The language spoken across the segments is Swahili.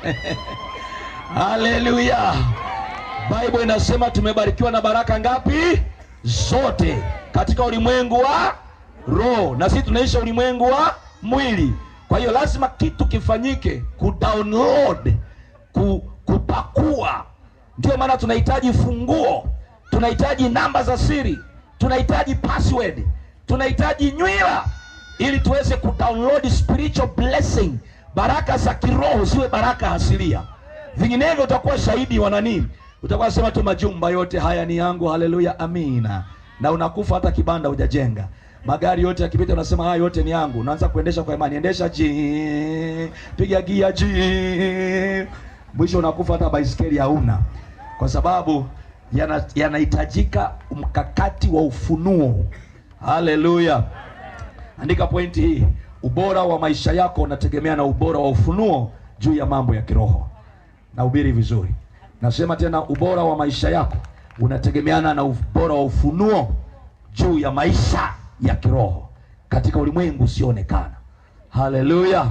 Haleluya! Biblia inasema tumebarikiwa na baraka ngapi? Zote katika ulimwengu wa roho, na sisi tunaisha ulimwengu wa mwili. Kwa hiyo lazima kitu kifanyike, kudownload, kupakua. Ndio maana tunahitaji funguo, tunahitaji namba za siri, tunahitaji password, tunahitaji nywila ili tuweze kudownload spiritual blessing baraka za kiroho ziwe baraka asilia, vinginevyo utakuwa shahidi wa nani? Utakuwa sema tu majumba yote haya ni yangu, haleluya, amina, na unakufa hata kibanda hujajenga magari yote yakipita, unasema haya yote ni yangu. Unaanza kuendesha kwa imani, endesha ji, piga gia ji, mwisho unakufa hata baisikeli hauna, kwa sababu yanahitajika yana mkakati wa ufunuo. Haleluya, andika pointi hii. Ubora wa maisha yako unategemea na ubora wa ufunuo juu ya mambo ya kiroho. Nahubiri vizuri? Nasema tena, ubora wa maisha yako unategemeana na ubora wa ufunuo juu ya maisha ya kiroho katika ulimwengu usioonekana. Haleluya!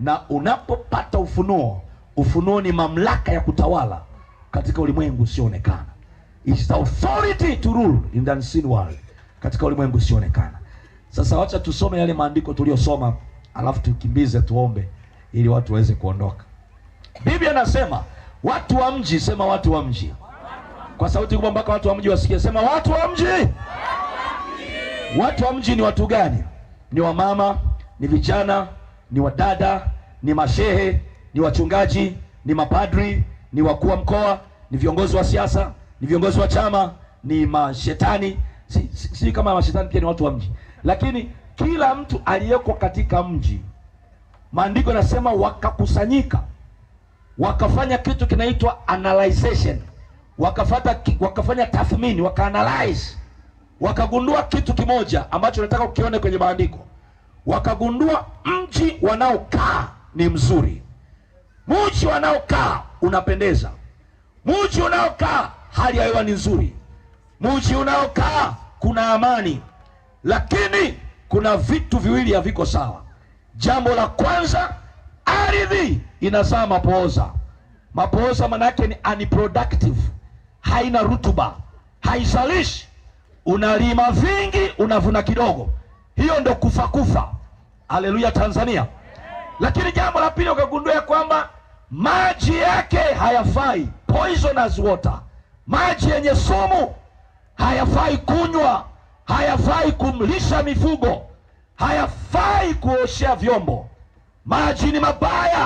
Na unapopata ufunuo, ufunuo ni mamlaka ya kutawala katika ulimwengu usioonekana. It's the authority to rule in the unseen world, katika ulimwengu usioonekana. Sasa wacha tusome yale maandiko tuliyosoma alafu tukimbize tuombe ili watu waweze kuondoka. Biblia nasema watu wa mji, sema watu wa mji kwa sauti kubwa mpaka watu wa mji wasikie. Sema watu wa mji. Watu wa mji ni watu gani? Ni wamama, ni vijana, ni wadada, ni mashehe, ni wachungaji, ni mapadri, ni wakuu wa mkoa, ni viongozi wa siasa, ni viongozi wa chama, ni mashetani. Si, si, si kama mashetani pia ni watu wa mji lakini kila mtu aliyeko katika mji, maandiko yanasema wakakusanyika, wakafanya kitu kinaitwa analyzation, wakafata, wakafanya tathmini, wakaanalyze, wakagundua kitu kimoja ambacho nataka ukione kwenye maandiko. Wakagundua mji wanaokaa ni mzuri, mji wanaokaa unapendeza, mji unaokaa hali ya hewa ni nzuri, mji unaokaa kuna amani lakini kuna vitu viwili haviko sawa. Jambo la kwanza, ardhi inazaa mapooza. Mapooza maana yake ni unproductive, haina rutuba, haizalishi. Unalima vingi, unavuna kidogo. Hiyo ndo kufa kufa. Haleluya, Tanzania. Lakini jambo la pili, ukagundua kwamba maji yake hayafai, poisonous water, maji yenye sumu hayafai kunywa hayafai kumlisha mifugo, hayafai kuoshea vyombo, maji ni mabaya.